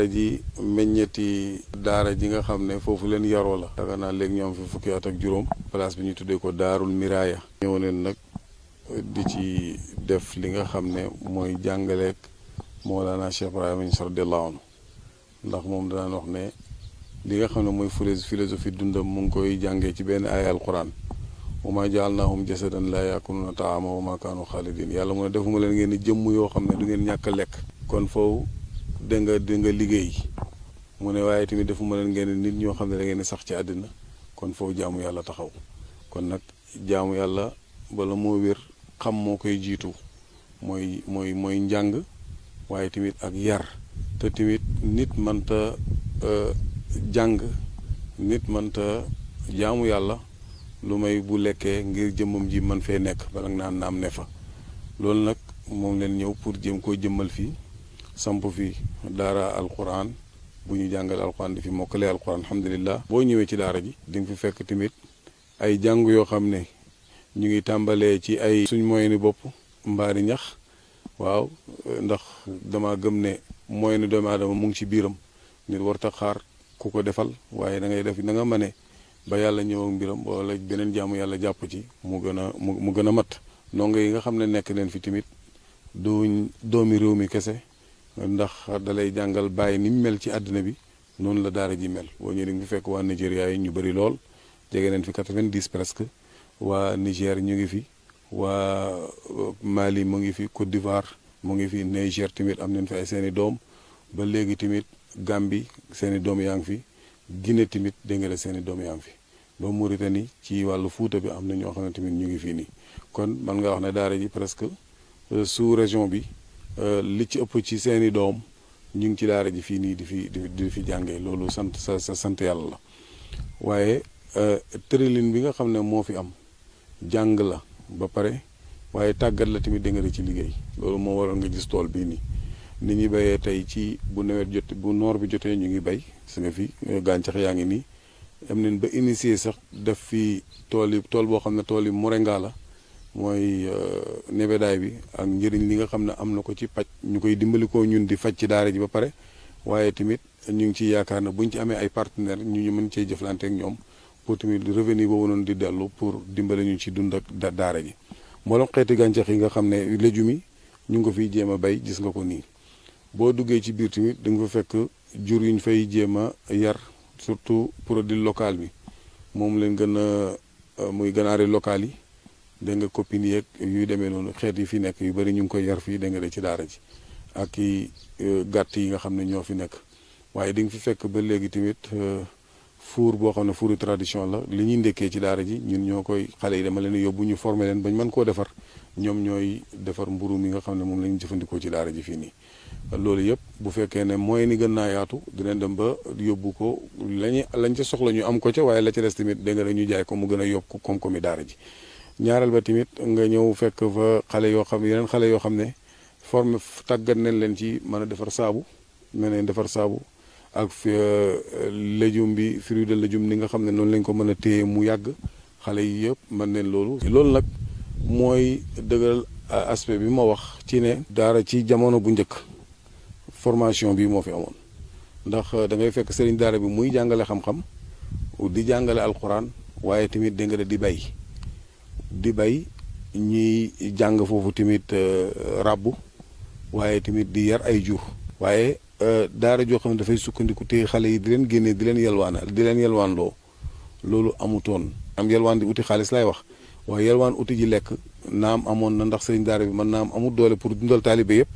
daara ji meññeeti daara ji nga xam ne foofu leen yaroo la daga naa léegi ñoom fi fukki at ak juróom place bi ñu tuddee ko daarul miraaya ñëw neen nag di ci def li nga xam ne mooy jàngale Mawlana Cheikh Ibrahima Niass radiyallahu anhu ndax moom danaan wax ne nga xam ne mooy philosophie dundam mu ngi koy jàngee ci benn aaya alquran wa maa jaalnaahum jasadan laa yaakuluna taama wa maa kaanu xaalidin yàlla mu ne defuma leen ngeen ni jëmm yoo xam ne du ngeen ñàkk lekk kon foofu da nga da nga liggéey mu ne waaye tamit dafa mën ngeen nit ñoo xam ne da ngeen sax ci àddina kon foofu jaamu yàlla taxaw kon nag jaamu yàlla bala moo wér xam moo koy jiitu mooy mooy mooy njàng waaye tamit ak yar te tamit nit mënta euh, jàng nit mënta jaamu yàlla lu may bu lekkee ngir jëmmam ji man fee nekk bala naan naam ne fa loolu nag moom leen ñëw pour jëm koo jëmmal fii samp fi daara alquran bu ñu jàngal alquran di fi mokkale alquran alhamdulilah boo ñëwee ci daara ji di nga fi fekk tamit ay jàng yoo xam ne ñu ngi tàmbalee ci ay suñ moyenu bopp mbaari ñax waaw ndax dama gëm ne moye moyenu doomu aadama mu ngi ci biiram nit war ta xaar ku ko defal waaye da ngay def da nga mane ba yàlla ñëw ak mbiram wala beneen jàmm yàlla jàpp ci mu gën a mu gën a mat ndongo yi nga xam ne nekk leen fi tamit duñ doomi réew mi kese ndax dalay jàngal bàyyi ni mu mel ci àddina bi noonu la daara ji mel boo ñëwee bu fekk waa Nigéria yi ñu bëri lool jege nañ fi 90 presque waa Niger ñu ngi fi waa Mali mu ngi fi Côte d'Ivoire mu ngi fi Niger tamit am nañ fi ay seeni doom ba léegi tamit Gambie seen i doom yaa ngi fi Guinée tamit dégg nga seen i doom yaa ngi fi ba Mauritanie ci wàllu Fuuta bi am na ñoo xam ne tamit ñu ngi fii nii kon man nga wax ne daara ji presque euh, sous région bi. Euh, li ci ëpp ci seeni doom ñu ngi ci daara ji fii nii di fi di fi jàngee loolu sant sa sa sant yàlla la waaye euh, tërëlin bi nga xam ne moo fi am jàng la ba pare waaye tàggat la tamit dëngëre ci liggéey loolu moo waral nga gis tool bii nii ni ñuy bayee tey ci bu nawet jot bu noor bi jotee ñu ngi bay su nga fi euh, gàncax yaa ngi nii am nañ ba initier sax def fi tool yi tool boo xam ne tool yi moringa la mooy euh, nebedaay bi ak njëriñ li nga xam ne am na ko ci paj ñu koy dimbali ko ñun di faj ci daara ji ba pare waaye tamit ñu ngi ciy yaakaar ne buñ ci amee ay partenaire ñu ñu mën cee jëflante ak ñoom pour tamit revenu boobu noonu di dellu pour dimbali ñu ci dund ak daara ji mboolem xeeti gàncax yi nga xam ne légumes yi ñu ngi ko fiy jéem a bay gis nga ko nii boo duggee ci biir tamit da nga fa fekk jur ñu fay jéem a yar surtout produit local bi moom leen gën a euh, muy ganaari local yi dégg nga copine yeeg yuy demee noonu xeet yi fi nekk yu bari ñu ngi koy yar fii dégg nga de ci daara ji ak i e, gàtt yi nga xam ne ñoo fi nekk waaye di nga fi fekk ba léegi tamit e, fuur boo xam ne fuuru tradition la li ñuy ndekkee ci daara ji ñun ñoo koy xale yi dama leen yóbbu ñu former leen ba bañ man koo defar ñoom ñooy defar mburu mi nga xam ne moom la ñu jëfandikoo ci daara ji fii nii loolu yëpp bu fekkee ne mooy ni gën naa yaatu dinañ dem ba yóbbu ko lañu lañ ca soxla ñu am ko ca la ca des tamit ñu jaay ko mu gën a yokk koom-koomi ji ñaareel ba tamit nga ñëw fekk fa xale yoo xam yeneen xale yoo xam ne forme tàggat nañ leen ci mën a defar saabu mën a defar saabu ak euh, légume bi fruit de légume ni nga xam ne noonu lañ ko mën a téye mu yàgg xale yi yëpp mën nañ loolu. loolu nag mooy dëgëral aspect bi ma wax ci ne. daara ci jamono bu njëkk formation bi moo fi amoon ndax euh, dangay fekk sëriñ daara bi muy jàngale xam-xam di jàngale alxuraan waaye tamit dégg nga di bay. di bay ñuy jàng foofu tamit euh, rabbu waaye tamit di yar ay jur waaye euh, daara joo xam ne dafay sukkandiku te xale yi di leen génnee di leen yelwaana di leen yelwaan loo loolu amutoon am yelwaan di uti xaalis laay wax waaye yelwaan uti ji lekk naam amoon na ndax sëñ daara bi man am amul doole pour dundal taalibe yëpp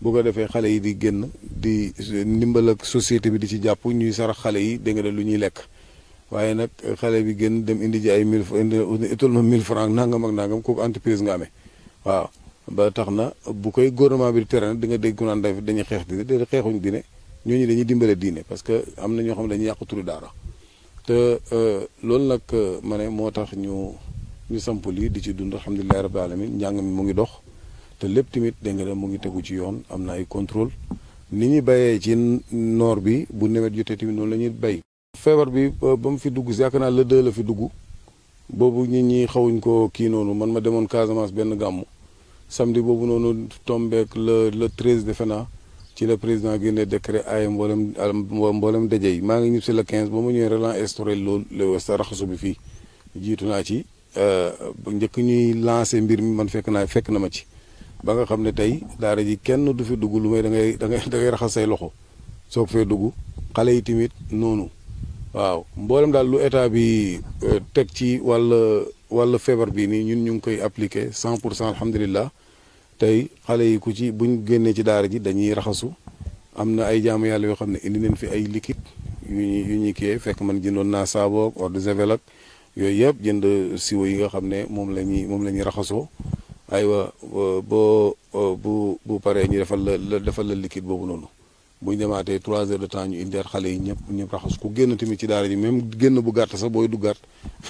bu ko defee xale yi di génn di ndimbal ak société bi di ci jàpp ñuy sarax xale yi dégg nga lu ñuy lekk waaye nag xale bi gën dem indi ji ay mille indi utul ma mille nangam ak nangam kooku entreprise nga amee waaw ba tax na bu koy gouvernement bi di tere nag nga dégg ku naan dañuy xeex diine de xeexuñ diine ñooñu dañuy dimbale diine parce que am na ñoo xam ne dañuy yàq turu daara te euh, loolu nag euh, ma moo tax ñu ñu samp lii di ci dund alhamdulilah rabbil alamin njàng mi mu ngi dox te lépp tamit dégg nga mu ngi tegu ci yoon am na ay contrôle ni ñuy bayee ci noor bi bu nawet jotee tamit noonu la ñuy bay. feebar bi ba mu fi dugg si yaakaar naa le deux la fi dugg boobu nit ñi xawuñ ko kii noonu man ma demoon Casamance benn gàmmu samedi boobu noonu tombeek le le treize defe naa ci la président génne décret ay mboolem mboolem daje yi maa ngi ñib si le quinze ba ma ñëwee relan instauré loolu sa raxasu bi fii jiitu naa ci euh, njëkk ñuy lancé mbir mi man fekk naa fekk na ma ci ba nga xam ne tey daara ji kenn du fi dugg lu may dangay ngay da ngay da raxas say loxo soog fee dugg xale yi tamit noonu waaw mboolem daal lu état bi euh, teg ci wàll wàll feebar bii nii ñun ñu ngi koy appliqué cent pour cent alhamdulilah tey xale yi ku ci buñ génnee ci daara ji dañuy raxasu am na ay jaamu yàlla yoo xam ne indi neen fi ay liquide yu ñuy yu ñuy kii fekk man jëndoon naa saaboog eau de javel ak yooyu yëpp jënd siwo yi nga xam ne moom la ñuy moom la ñuy raxasoo aywa euh, boo euh, bu bu paree ñu defal la defal la liquide boobu noonu. bu ñu demaatee trois heures de temps ñu indiwaat xale yi ñëpp ñëpp raxas ku génn tamit ci daara ji même génn bu gàtt sax booy du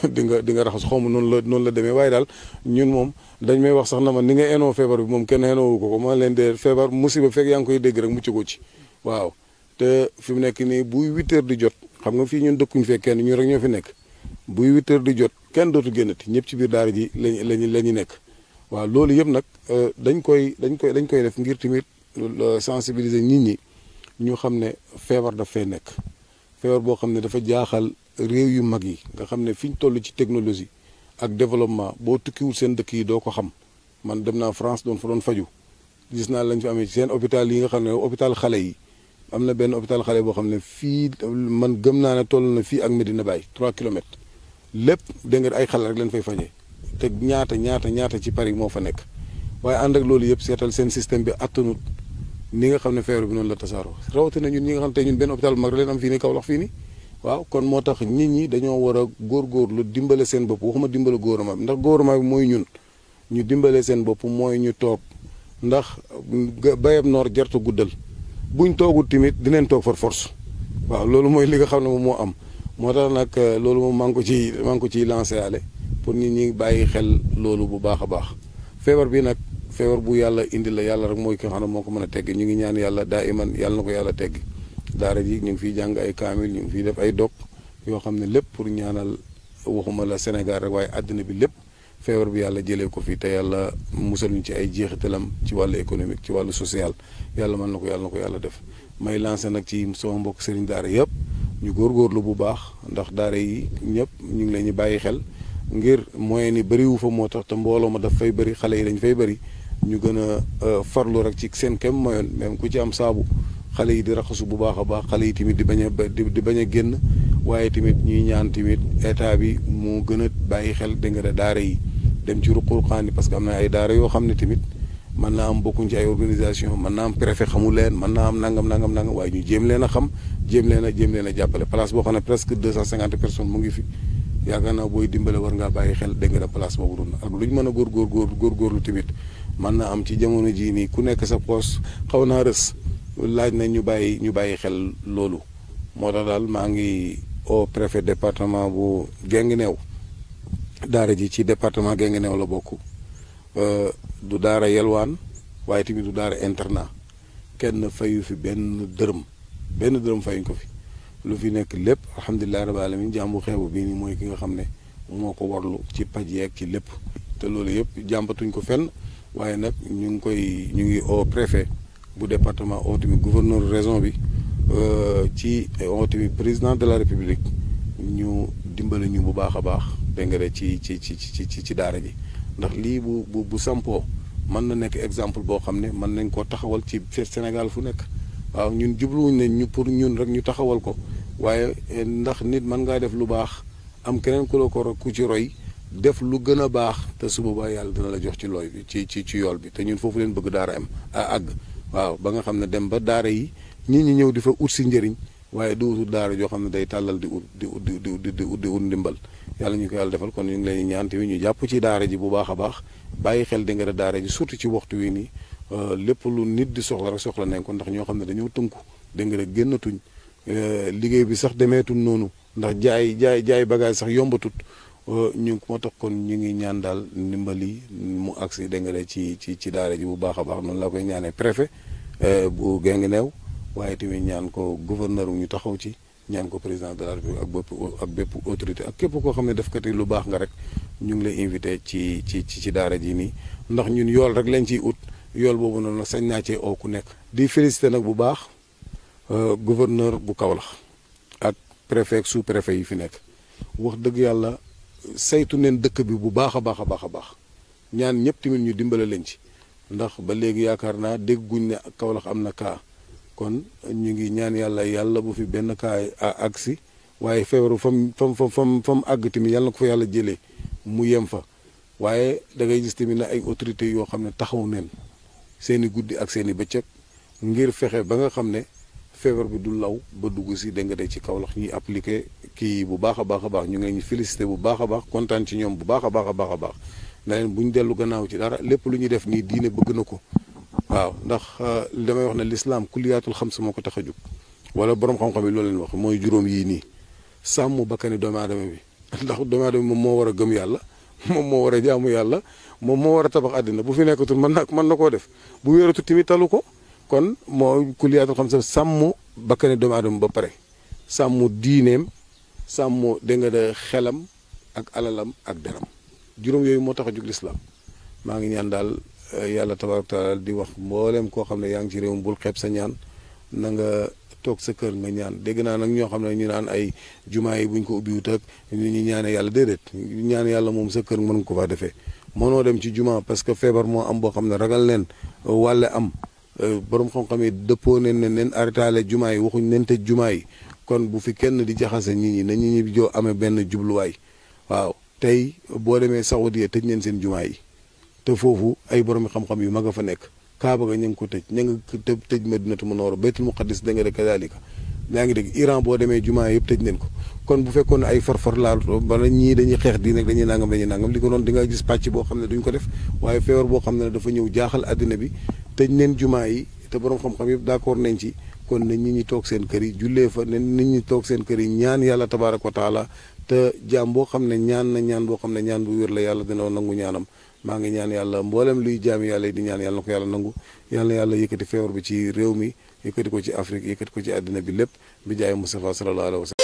di nga di nga raxas xaw ma noonu la noonu la demee waaye daal ñun moom dañ may wax sax na ma ni nga enoo feebar bi moom kenn enoowu ko ko ma leen dee feebar musiba fekk yaa ngi koy dégg rek mucc ko ci waaw te fi mu nekk nii buy huit di jot xam nga fii ñun dëkkuñu fee kenn ñu rek ñoo fi nekk buy huit heures di jot kenn dootu génn ti ñëpp ci biir daara ji lañ lañ la ñu nekk waaw loolu yëpp nag euh, dañ koy dañ koy dañ koy def ngir tamit euh, sensibiliser nit ñi ñu xamne fièvre da fay nek fièvre bo xamne dafa jaaxal réew yu mag yi nga xamne fiñ tollu ci technologie ak développement bo tukki wul seen dëkk yi do ko xam man dem naa France doon fa doon faju gis na lañ fi amé ci seen hôpital yi nga xamne hôpital xale yi amna ben hôpital xale bo xamne fi man gëm na na tollu na fi ak Medina bay 3 km lépp de ngeen ay xale rek lañ fay fajee te ñaata ñaata ñaata ci Paris mo fa nek waye ànd ak loolu yëpp sétal seen système bi attanut ni nga xam ne feebar bi noonu la tasaaroo rawatina ñun ñi nga xam tey ñun benn hôpital bu mag leen am fii nii Kaolack fii nii waaw kon moo tax nit ñi dañoo war a góor góor lu dimbale seen bopp waxuma dimbale gouvernement bi ndax gouvernement bi mooy ñun ñu dimbale seen bopp mooy ñu toog ndax bayam noor jartu guddal buñ toogul tamit dinañ toog for force waaw loolu mooy li xam ne moom moo am moo tax nag euh, loolu moom maa ngi ko ciy maa ngi ko ciy lancé ale pour nit ñi bàyyi xel loolu bu baax a baax feebar bii nag feebar bu yàlla indi la yàlla rek mooy ko nga xam ne moo ko mën a tegg ñu ngi ñaan yàlla daa iman yàlla na ko yàlla tegg daara ji ñu ngi fiy jàng ay kaamil ñu ngi fiy def ay dog yoo xam ne lépp pour ñaanal waxuma la Sénégal rek waaye àddina bi lépp feebar bi yàlla jëlee ko fi te yàlla musal ñu ci ay jeexitalam ci wàllu économique ci wàllu social yàlla mën na ko yàlla ko yàlla def may lancé nag ci sama mbokk sëriñ daara yëpp ñu góor góorgóorlu bu baax ndax daara yi ñëpp ñu ngi leen ñu bàyyi xel ngir moyen ni bariwu fa moo tax te mbooloo ma daf fay bari xale yi dañ fay bëri ñu gën a euh, farlu rek ci seen kem mayoon même ku ci am saabu xale yi di raxasu bu baax a baax xale yi tamit di bañ a di bañ génn waaye tamit ñuy ñaan tamit état bi mu gën a bàyyi xel dégg nga daara yi dem ci ruqurqaan yi parce que am na ay daara yoo xam ne tamit mën naa am bokkuñ ci ay organisation mën naa am préfet xamul leen mën naa am nangam nangam nangam waaye ñu jéem leen a xam jéem leen a jéem a jàppale place boo xam ne presque deux cent cinquante personnes mu ngi fi yaakaar naa booy dimbale war ngaa bàyyi xel dégg nga place boobu noonu ak lu ñu mën góor góorgóorlu tamit mën na am ci jamono jii nii ku nekk sa poos xaw naa rës laaj na ñu bàyyi ñu bàyyi xel loolu moo tax daal maa ngi au préfet département bu new daara ji ci département new la bokk euh, du daara yelwaan waaye tamit du daara internat kenn fayu fi benn dërëm benn dërëm fayuñ ko fi lu fi nekk lépp alhamdulilah rabbil alamin jàmbu xeebu bii nii mooy ki nga xam ne moo ko warlu ci paj yeeg ci lépp te loolu yëpp jàmbatuñ ko fenn waaye nag ñu ngi koy ñu ngi au préfet bu département oo bi gouverneur région bi ci oo tamit président de la république ñu dimbali ñu bu baax a baax dégg nga ci ci ci ci ci daara ji ndax lii bu bu bu mën na nekk exemple boo xam ne mën nañ ko taxawal ci Sénégal fu nekk waaw ñun jubluwuñ ne ñu pour ñun rek ñu taxawal ko waaye eh, ndax nit mën ngaa def lu baax am keneen ku la ko ku ci roy def lu gën a baax te su boobaa yàlla dina la jox ci looy bi ci ci ci yool bi te ñun foofu leen bëgg daara am a àgg waaw ba nga xam ne dem ba daara yi ñit ñi ñëw di fa ut si njëriñ waaye du utul daara joo xam ne day tàllal di ut di ut di di di ut di ndimbal yàlla ñu ko yàlla defal kon ñu ngi leen ñaan wi ñu jàpp ci daara ji bu baax a baax bàyyi xel di nga da daara ji surtout ci waxtu wi nii euh, lépp lu nit di soxla rek soxla nañ ko ndax ñoo xam ne dañoo tënku di nga rek génnatuñ euh, liggéey bi sax demeetul noonu ndax jaay jaay jaay bagage sax yombatut ñu moo tax kon ñu ngi ñaan daal ndimbali mu agsi dégg nga ci ci ci daara ji bu baax a baax noonu laa koy ñaanee préfet euh, bu new waaye tamit ñaan ko gouverneur ñu taxaw ci ñaan ko président de la République ak bépp ak bépp autorité ak képp koo xam ne def kati lu baax nga rek ñu ngi lay invité ci ci ci daara ji nii ndax ñun yool rek lañ ciy ut yool boobu noonu sañ naa cee oo ku nekk. di félicité nag bu baax euh, gouverneur bu Kaolack ak préfet ak sous préfet yi fi nekk wax saytu neen dëkk bi bu baax a baax a baax a baax ñaan ñëpp tamit ñu dimbale leen ci ndax ba léegi yaakaar naa dégguñ ne Kaolack am na kaa kon ñu ngi ñaan yàlla yàlla bu fi benn kaa agsi waaye feebaru fam fam fam fam àgg tamit yàlla na ko fa yàlla jëlee mu yem fa waaye dangay ngay gis tamit ne ay autorités yoo xam ne taxaw nen seeni guddi ak seeni bëccëg ngir fexe ba nga xam ne feebar bi du law ba dugg si dégg nga de ci Kaolack ñuy appliqué kii bu baax a baax a baax ñu ngi leen félicité bu baax a baax kontaan ci ñoom bu baax a baax a baax a baax na leen bu ñu dellu gannaaw ci dara lépp lu ñuy def nii diine bëgg na ko waaw ndax euh, damay wax ne lislaam kuliyaatul xam suma ko tax a jóg wala borom xam-xam yi loolu leen wax mooy juróom yii nii sàmm bakkani doomu aadama bi ndax doomu aadama bi moom moo war a gëm yàlla moom moo war a jaamu yàlla moom moo war a tabax àddina bu fi nekkatul mën na mën na koo def bu wéeratu tamit talu ko kon moo kuliyaatul xam sa sàmm bakkani doomu aadama ba pare sàmm diineem sàmm dégg nga de xelam ak alalam ak deram juróom yooyu moo tax a jug lislaam maa ngi ñaan daal eh, yàlla tabaaraka taala di wax mbooleem koo xam ne yaa ngi ci réewum bul xeeb sa ñaan na nga toog sa kër nga ñaan dégg naa nag ñoo xam ne ñu naan ay jumaa yi buñ ko ubbiwut ak ñu ñu ñaane yàlla déedéet ñaan yàlla moom sa kër mën nga ko faa defee mënoo dem ci jumaa parce que feebar moo am boo xam ne ragal leen wàlle am Euh, borom xam-xam yi dëppoo nañ ne neen arrêté jumaa yi waxuñ neen tëj jumaa yi kon bu fi kenn di jaxase nit ñi nañu ñu joo amee benn jubluwaay waaw tey boo demee Saoudia tëj neen seen jumaa yi te foofu ay borom xam-xam yu mag a fa nekk Kaaba ga ñu ngi ko tëj ña nga tëj Madinatu Munawwara Baytul Muqaddis da nga de kadalika ngi dégg Iran boo demee jumaa yëpp tëj neen ko kon bu fekkoon ay farfar laal bala ñii dañuy xeex di nag dañuy nangam dañuy nangam li ko doon di nga gis pàcc boo xam ne duñ ko def waaye feebar boo xam ne dafa ñëw jaaxal àddina bi tëj neen jumaa yi te borom xam-xam yëpp d'accord nañ ci kon nañ nit ñi toog seen kër yi jullee fa ne nit ñi toog seen kër yi ñaan yàlla tabaaraka wa taala te jaam boo xam ne ñaan na ñaan boo xam ne ñaan bu wér la yàlla dina nangu ñaanam maa ngi ñaan yàlla mboolem luy jaam yàlla yi di ñaan yàlla na ko yàlla nangu yàlla na yàlla yëkkati feebar bi ci réew mi yëkkati ko ci Afrique yëkkati ko ci àddina bi lépp bi jaay Mustafa sallallahu alayhi wa